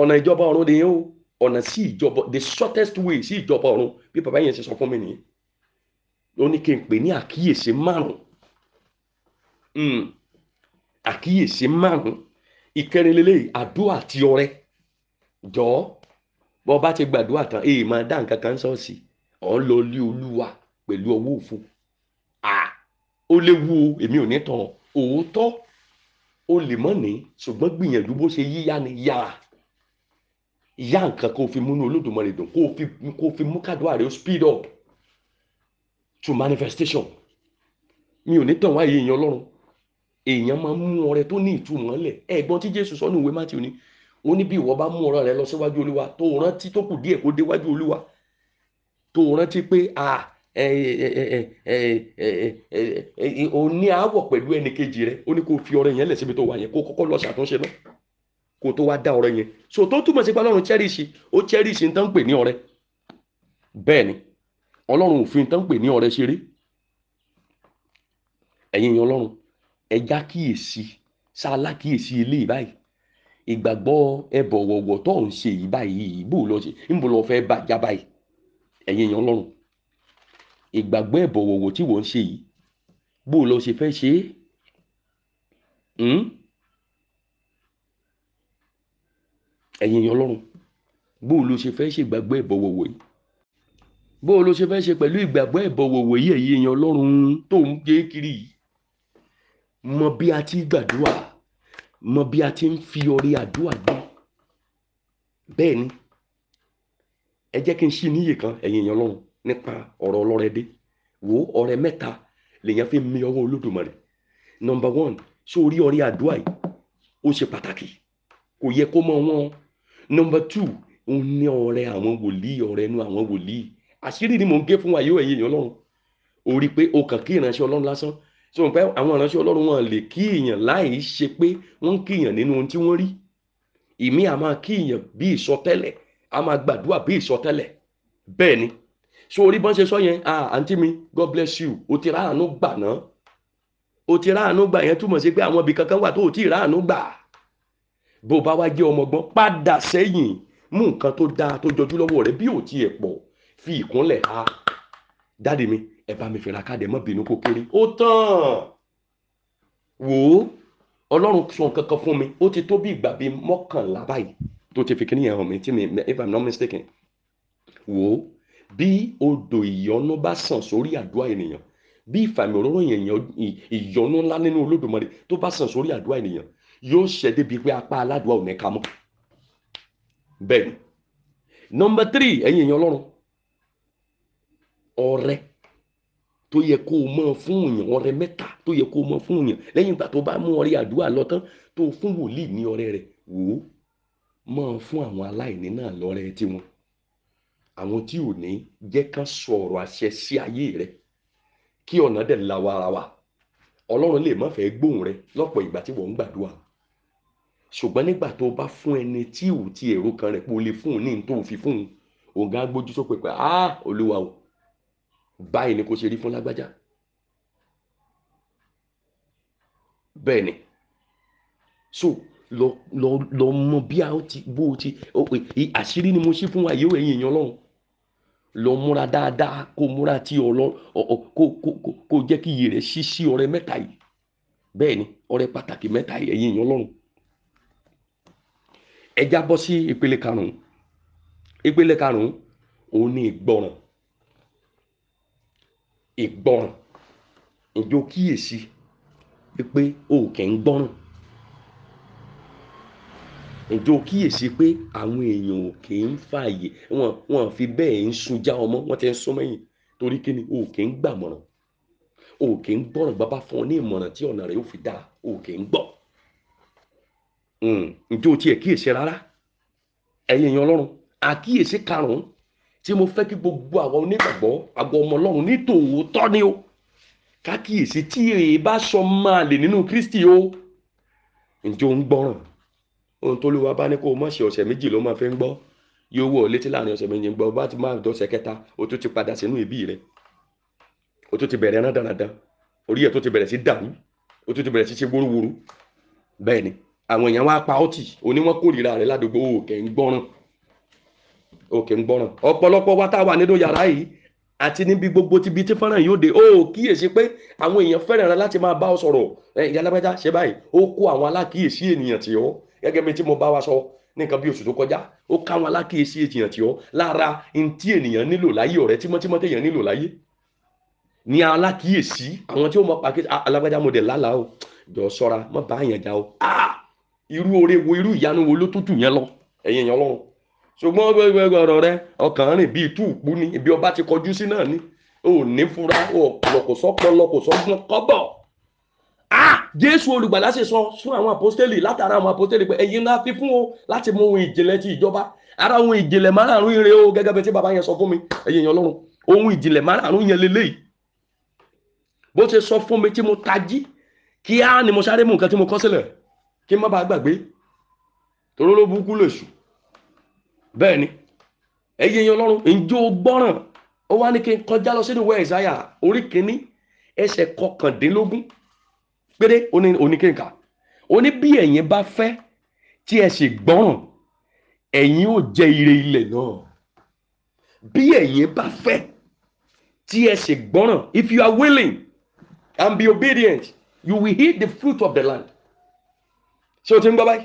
ọ̀nà ìjọba ọ̀run nìyẹn o ọ̀nà sí ìjọba the shortest way sí ìjọba ọ̀run bí bàbá yẹn ṣe sọ fún mi nìyẹn ó ní kí n pè ní àkíyèsí márùn-ún hmm. àkíyèsí márùn-ún ìkẹrin lélẹ́yìí àdúrà àti ọrẹ jọ̀ọ́ bọ́ bá ti gbàdúrà tán èyí máa dá nǹkan kan sọ́ọ̀sì ọ̀ ń lọ lé olúwa pẹ̀lú ọwọ́ òfo ó léwu èmi ò ní tàn òótọ́ ó lè mọ́ ní ṣùgbọ́n gbìyànjú bó ṣe yíyá ni yára yá nǹkan kó fi múnú olódùmarè dùn kó fi mú kádùá rẹ ó speed up to manifestation mi ò ní tàn wá èèyàn ọlọ́run èèyàn máa ń mú ọrẹ tó ní ìtumọ̀ ńlẹ̀ ẹ̀gbọ́n tí jésù sọ ní ìwé mátìrì ni ó ní bí ìwọ bá mú ọrẹ rẹ lọ síwájú olúwa tó rántí tó kù díẹ̀ kó déwájú olúwa tó rántí pé a ò ní àáwọ̀ pẹ̀lú ẹnì kejì rẹ ó ní kó fi ọrẹ yẹn lẹ̀ síbi tó wà yẹn kó kọ́kọ́ lọ ṣàtúnṣe náà kó tó wá dá ọrẹ yẹn so tó túmọ̀ sí pé ọlọ́run cherish ó cherish ń tán pè ní ọrẹ bẹ́ẹ̀ ni ọlọ́run òfin tán pè ní ọ̀rẹ́ ṣeré ẹ̀yin èèyàn ọlọ́run ẹja kíyèsí sáálá kíyèsí ilé ìbáyìí ìgbàgbọ́ ẹbọ wọ̀wọ̀ tó ń ṣe yìí báyìí bó lọ ṣe níbo lọ fẹ́ bàjá báyìí ẹ̀yin èèyàn ọlọ́run ìgbàgbọ́ ẹbọ wọ̀wọ̀ tí wọ́n ń ṣe yìí bó lọ ṣe fẹ́ ṣe é hmm? ẹ̀yin èèyàn ọlọ́run bó lọ ṣe fẹ́ ṣègbàgbọ́ ẹbọ wọ̀wọ̀ yìí bó o ló ṣe fẹ́ ṣe pẹ̀lú ìgbàgbọ́ ìbọ̀wọ̀wọ̀ yìí èèyàn ọlọ́run tó ń gbé kiri yìí mọ bí a ti gbàdúrà mọ bí a ti ń fi ọrẹ àdúrà gbé bẹ́ẹ̀ ni ẹ jẹ́ kí n ṣì níyè kan ẹ̀yin èèyàn ọlọ́run nípa ọ̀rọ̀ ọlọ́rẹ wo ọrẹ mẹ́ta lèèyàn fi mi ọwọ́ olódùmarè number one sórí ọrẹ àdúrà yìí ó ṣe pàtàkì kò yẹ kó mọ wọn number two òun ní ọrẹ àwọn wòlíì ọrẹ inú àwọn wòlíì àṣírí ni mò ń gé fún wa yóò èèyàn ọlọ́run ò rí i pé o kàn kí ìránṣẹ́ ọlọ́run lásán tí wọ́n pẹ́ àwọn ìránṣẹ́ ọlọ́run wọn lè kí èèyàn láì ṣe pé wọ́n ń kíyàn nínú ohun tí wọ́n rí ìmí a máa kíyàn bí ìsọtẹ́lẹ̀ a máa gbàdúrà bí ìsọtẹ́lẹ̀ bẹ́ẹ̀ ni so orí bọ́n ṣe sọ yẹn ah àǹtí mi god bless you o ti ráàánú gbà náà o ti ráàánú gbà yẹn túmọ̀ sí pé àwọn ibì kankan wà tó o ti ráàánú gbà bó o bá wá jẹ́ ọmọ gbọ́n padà sẹ́yìn mú nǹkan tó dáa tó jọjú lọ́wọ́ rẹ bí ò tiẹ̀ pọ̀ fi ìkúnlẹ̀ ha dáàdì mi ẹ bá mi fìlà káàdì ẹ má bínú kó kéré ó tán wò ó ọlọ́run sọ nǹkan kan fún mi ó ti tó bí ìgbà bíi mọ́kànlá báyìí tó ti fi kíní yẹn hàn mí tí mi if i'm not mistaken wò ó bí odò ìyọnu bá sàn sórí àdúrà ènìyàn bí ìfàmì òróró èèyàn ìyọnu ńlá nínú olódùmarè tó bá sàn sórí àdúrà ènìyàn yóò ṣẹ débi pé apá aládùá ò ní ká mọ́ bẹ́ẹ̀ ni nọmba tírì ẹ̀yin èèyàn ọlọ́run ọrẹ tó yẹ kó o mọ̀ fún òyìn ọrẹ mẹ́ta tó yẹ kó o mọ̀ fún òyìn lẹ́yìn ìgbà tó bá mú ọrẹ àdúrà lọ tán tó fún wòlíì ní ọrẹ rẹ̀ wò ó mọ̀ fún àwọn aláìní náà lọ́rẹ tiwọn àwọn tí ò ní jẹ́ kán sọ àṣẹ sí ayé rẹ̀ kí ọ̀nà dẹ̀ la wara wa ọlọ́run lè má fẹ́ gbóhùn rẹ̀ lọ́pọ̀ ìgbà tí wọ́n ń gbàdúrà ṣùgbọ́n nígbà tó bá fún ẹni tí ò ti èrò kan rẹ̀ pé o lè fún un ní n fún un òun gbójú sópè pé ah olúwa o báyìí ni kò ṣe rí fún lágbájá bẹ́ẹ̀ ni so lọ lọ lọ mọ bí a ti bó o ti àṣírí ni mo ṣí fún wa yìí ó ẹ̀yin èèyàn lọ́hùn lọ múra dáadáa kó múra tí ọlọ kó kó kó jẹ́ kí iyì rẹ̀ ṣí sí ọrẹ mẹ́ta yìí bẹ́ẹ̀ ni ọrẹ pàtàkì mẹ́ta yìí ẹ̀yin èèyàn lọ́hùn ẹ já bọ́ sí ìpele karùn-ún ìpele karùn-ún òun ni ìgbọràn ìgbọràn ǹjẹ́ o kíyèsí pé o kì í gbọ́ràn ǹjẹ́ o kíyèsí pé àwọn èèyàn ò kì í fààyè wọn wọn fi bẹ́ẹ̀ ń sunjá ọmọ wọn ti ń sún mẹ́yìn torí kí ni o kì í gbàmọ̀ràn o kì í gbọ́ràn bàbá fún ọ ní ìmọ̀ràn tí ọ̀nà rẹ̀ yóò fi dára o kì í gbọ́ hmm. ǹjẹ́ tiẹ̀ kíyèsí rárá ẹ̀yin èèyàn àkíyèsí karùn-ún tí mo fẹ́ kí gbogbo àwọn onígbàgbọ́ àgọ́ ọmọ ọlọ́run ní tòótọ́ ni o kákíyèsí tí èrè bá sọ máa lè nínú kristi o ǹjẹ́ ò ń gbọ́ràn ohun tó lówó bá ní kó o mọ̀ ṣe ọ̀sẹ̀ méjì ló máa fi ń gbọ́ yóò wọ̀ létí láàrin ọ̀sẹ̀ méjì ń gbọ́ bá ti máa dọ̀sẹ̀ kẹta o tún ti padà sínú ìbí rẹ o tún ti bẹ̀rẹ̀ rádaràda orí ẹ̀ tó ti bẹ̀rẹ̀ sí dàrú o tún ti bẹ̀rẹ̀ sí ṣe wóróworó bẹ́ẹ̀ ni àwọn èèyàn wá pa ọ́ tì oníwọ́n kórìíra rẹ ládùúgbò òkè ń gbọ́ràn òkè ń gbọ́ràn ọ̀pọ̀lọpọ̀ wa tá a wà nínú yàrá yìí àti níbi gbogbo ti bi tí fọ́nrán yóò dé ó kíyèsí pé àwọn èèyàn fẹ́ràn rẹ láti máa bá ọ sọ̀rọ̀ ẹ ìyá alábẹ́já ṣe báyìí ó kó àwọn alákìyèsí ènìyàn tì ọ́ gẹ́gẹ́ bí tí mo bá wa sọ ní nǹkan bí oṣù tó kọjá ó ká àwọn alákìyèsí ènìyàn tì ọ́ lára n tí ènìyàn nílò láyé ọ̀rẹ́ tímọ́tímọ́ téèyàn nílò láyé ní alákìyèsí àwọn tí ó mọ pàkíyèsí alábẹ́já mo dẹ̀ lálàá o jọ sọ́ra mọ́ bá àyàn já o ah! irú oore wo irú ìyanu wo ló tútù yẹn lọ ẹ̀yin èèyàn ọlọ́run ṣùgbọ́n gbẹgbẹgbẹ ọ̀rọ̀ rẹ ọkàn rìn bíi tú ìpú ni ibi ọba ti kọjú sí náà ni ò ní fura ọ̀pọ̀lọ̀ kò sọ́pọ̀lọ kò sọ́gbọ́n kọ́bọ̀ a jésù olùgbàlà ṣe sọ fún àwọn àpọ́stélì látara àwọn àpọ́stélì pé ẹ̀yin náà fi fún o láti mú ohun ìjìnlẹ̀ ti ìjọba ara ohun ìjìnlẹ̀ márààrún ire o gẹ́gẹ́ bí tí bàbá yẹn sọ fún mi ẹ̀yin èèyàn ọlọ́run ohun ìjìnlẹ̀ márààrún yẹn leléyìí bó ṣe sọ fún mi tí mo tají kíá ni mo sáré mú nǹkan mo kọ́ sílẹ̀ kí n má bàa gbàgbé torólóbùkú lè bẹ́ẹ̀ ni ẹ̀yin ẹ̀yin ọlọ́run ǹjẹ́ o gbọ́ràn ó wá ní kí n kọjá lọ sínú ìwé Èsáyà orí kìíní ẹsẹ̀ kọkàndínlógún péré oníkéǹkà oní bí ẹ̀yin bá fẹ́ tí ẹ sì gbọ́ràn ẹ̀yin ò jẹ ire ilẹ̀ náà bí ẹ̀yin bá fẹ́ tí ẹ sì gbọ́ràn if you are willing and be obedient you will eat the fruit of the land ṣé o ti ń gbọ́ báyìí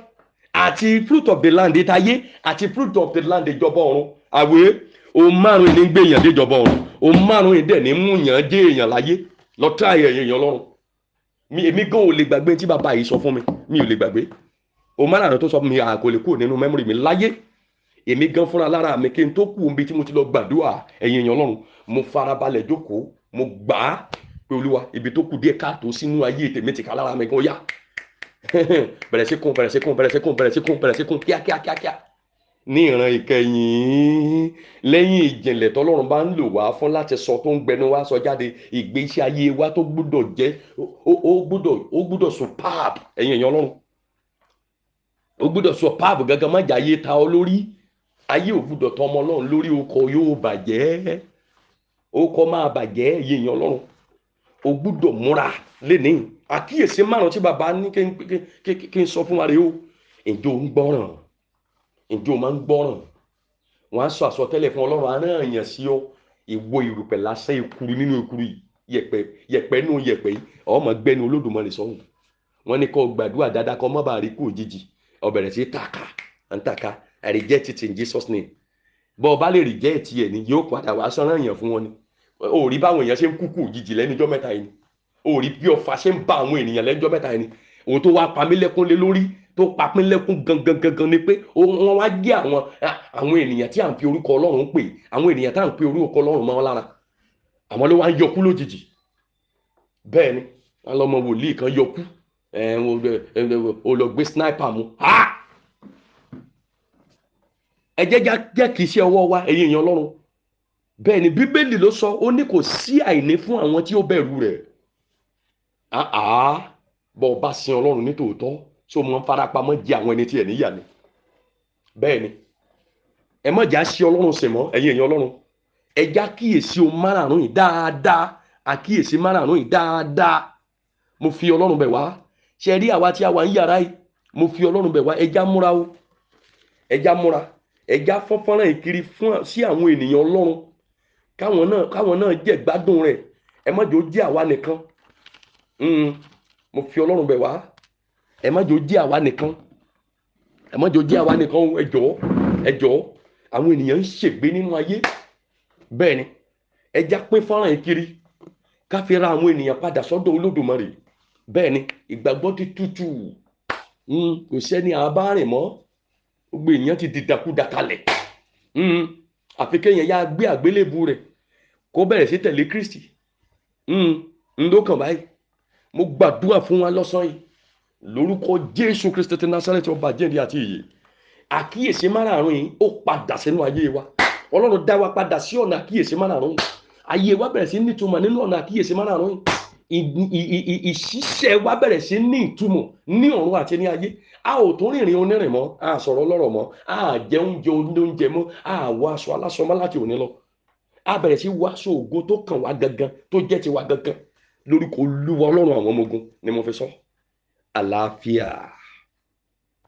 àti fruit of the land ìtayé àti fruit of the land ìjọba ọ̀run àwẹ̀ ohun márùn ní gbé èèyàn déjọba ọ̀run ohun márùn ní dẹ̀ ní mú èèyàn dé èèyàn láyé lọ́tọ́ àyè èèyàn lọ́rùn mi èmi gan ò lè gbàgbé tí bàbá yìí sọ fún mi mi ò lè gbàgbé ohun márùn tó sọ mi àkò lè kúrò nínú mẹ́mórì mi láyé èmi gan fúnra lára mi kí n tó kù níbi tí mo ti lọ gbàdúrà ẹ̀yìn èèyàn lọ́rùn mo farabalẹ̀ jókòó mo gbà á pé olúwa ibi tó kù díẹ̀ káàtó sínú ayé tèmi tìka lára mi gan yá bẹ̀rẹ̀ sí kún bẹ̀rẹ̀ sí kún bẹ̀rẹ̀ sí kún bẹ̀rẹ̀ sí kún bẹ̀rẹ̀ sí kún kíákíákíá ní ìran ìkẹyìn lẹ́yìn ìjìnlẹ̀ tọ́lọ́run bá ń lò wá fún láti sọ tó ń gbẹnu wá sọ jáde ìgbésí ayé wa tó gbúdọ̀ jẹ́ ó gbúdọ̀ ó gbúdọ̀ superb ẹ̀yin èèyàn ọlọ́run ó gbúdọ̀ superb gangan má jà ayé ta ọ lórí ayé ò gbúdọ̀ tọ́ ọmọ ọlọ́run lórí okọ yóò bàjẹ́ okọ máa bàjẹ́ ẹ̀yin èèyàn ọlọ́run ó gbúdọ̀ múra lénìí àkíyèsí márùn tí bàbá ní kí n sọ fún wa rèé o ǹjẹ́ o ń gbọ́ràn ǹjẹ́ o máa ń gbọ́ràn wọ́n á sọ àsọtẹ́lẹ̀ fún ọlọ́run aràn èèyàn sí ọ ìwọ ìrùpẹ̀ lásán ìkuru nínú ìkuru yẹ̀pẹ̀ yẹ̀pẹ̀ nínú yẹ̀pẹ̀ yìí ọmọ gbẹ́ni olódùmarè sọ́hùn wọ́n ní kó gbàdúrà dáadáa kó má bàa rí kú òjijì ó bẹ̀rẹ̀ sí tàka ntàka I reject it in Jesus name bọ́ ọ bá lè reject ẹ̀ ní yóò padà wá sọ́ràn èèyàn fún wọn ni òòrí báwọn èèyàn ṣe ń kú kú òjijì lẹ́nu ọjọ́ mẹ́ta yìí òrí bí ọ̀fà ṣe ń bá àwọn ènìyàn lẹ́jọ́ mẹ́ta ẹni òun tó wá pa mí lẹ́kún lé lórí tó pa mí lẹ́kún gangan gangan ni pé wọ́n wá gé àwọn àwọn ènìyàn tí à ń pe orúkọ ọlọ́run pè àwọn ènìyàn tá à ń pe orúkọ ọlọ́run mọ́ wọn lára àwọn ló wá ń yọkú lójijì bẹ́ẹ̀ ni wọn lọ́mọ wòlíì kan yọkú olùgbé sniper mu ẹ jẹ́ jẹ́ kì í ṣe ọwọ́ wa ẹ̀yin èèyàn ọlọ́run bẹ́ẹ̀ ni bíbélì ló sọ ó ní kò sí àìní fún àwọn tí ó bẹ̀rù rẹ̀ àá bọ́ ọ bá sin ọlọ́run ní tòótọ́ só mọ́ ń farapamọ́ jẹ àwọn ẹni tí ẹ̀ níyà ni bẹ́ẹ̀ ni ẹ má jà sí ọlọ́run sìn mọ́ ẹ̀yin èèyàn ọlọ́run ẹ já kíyèsí o márààrún yìí dáadáa àkíyèsí márààrún yìí dáadáa mo fi ọlọ́run bẹ̀ wá ṣe rí àwa tí a wà ń yàrá yìí mo fi ọlọ́run bẹ̀ wá ẹja múra o ẹja múra ẹja fọ́nfọ́nrán ìkiri fún sí àwọn ènìyàn ọlọ́run káwọn náà káwọn náà jẹ́ gbádùn rẹ̀ ẹ má jò jẹ́ àwa nìkan Mm. mo fi ọlọ́run bẹ̀ wá ẹ má jò jí àwa nìkan ẹ má jò jí àwa nìkan ẹ jọ̀ọ́ gbe àwọn ènìyàn ń ẹ já fọ́nrán yìí kiri ká fi ra àwọn ènìyàn padà sọ́dọ̀ olódùmarè bẹ́ẹ̀ ni ìgbàgbọ́ ti tútù mm. kò sẹ́ni àbárìn mọ́ gbogbo èèyàn ti dìdàkudà kalẹ̀ mm. àfi kéèyàn yá gbé àgbélébù rẹ̀ kó bẹ̀rẹ̀ sí tẹ̀lé Kristi ńdókàn báyìí mo gbàdúrà fún wa lọ́sàn yìí lórúkọ jésù kristi ti násàlẹ̀ tí ọba jẹ́ni àti ìyè àkíyèsí márààrún yìí ó padà sínú ayé wa ọlọ́run dá wa padà sí ọ̀nà àkíyèsí márààrún yìí ayé wa bẹ̀rẹ̀ sí ní ìtumọ̀ nínú ọ̀nà àkíyèsí márààrún yìí ìṣiṣẹ́ wa bẹ̀rẹ̀ sí ní ìtumọ̀ ní ọ̀run àti ní ayé a ò tún rìnrìn onírìn mọ́ a sọ̀rọ̀ ọlọ́rọ̀ mọ́ a jẹ oúnjẹ oúnjẹ mọ́ a wọ aṣọ alásọmọ́ láti òní lọ a bẹ̀rẹ̀ sí wọ aṣọ ògo tó kàn wá gangan tó jẹ́ tiwa gangan lórúkọ olúwa ọlọ́run àwọn ọmọ ogun ni mo fi sọ àlàáfíà.